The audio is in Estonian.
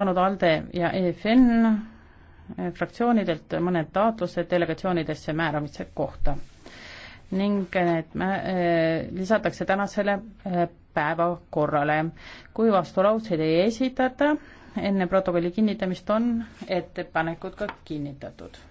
saanud ALDE ja EFN eh, fraktsioonidelt mõned taotlused delegatsioonidesse määramise kohta ning eh, need eh, lisatakse tänasele päevakorrale. kui vastulauseid ei esitata, enne protokolli kinnitamist on ettepanekud ka kinnitatud